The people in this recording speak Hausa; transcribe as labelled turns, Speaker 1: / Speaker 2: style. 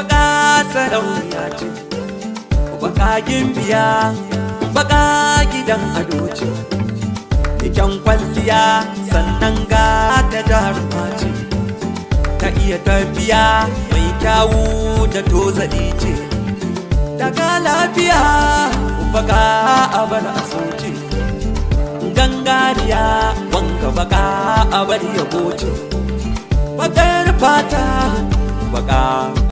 Speaker 1: baka sarauniya ce baka gimbiya baka gidan ado ce kwalliya sannan ga ta jaruma ce ta iya tafiya mai kyawu da tozali ce daga lafiya baka abar a gangariya wanka baka
Speaker 2: abar ya goce bakar fata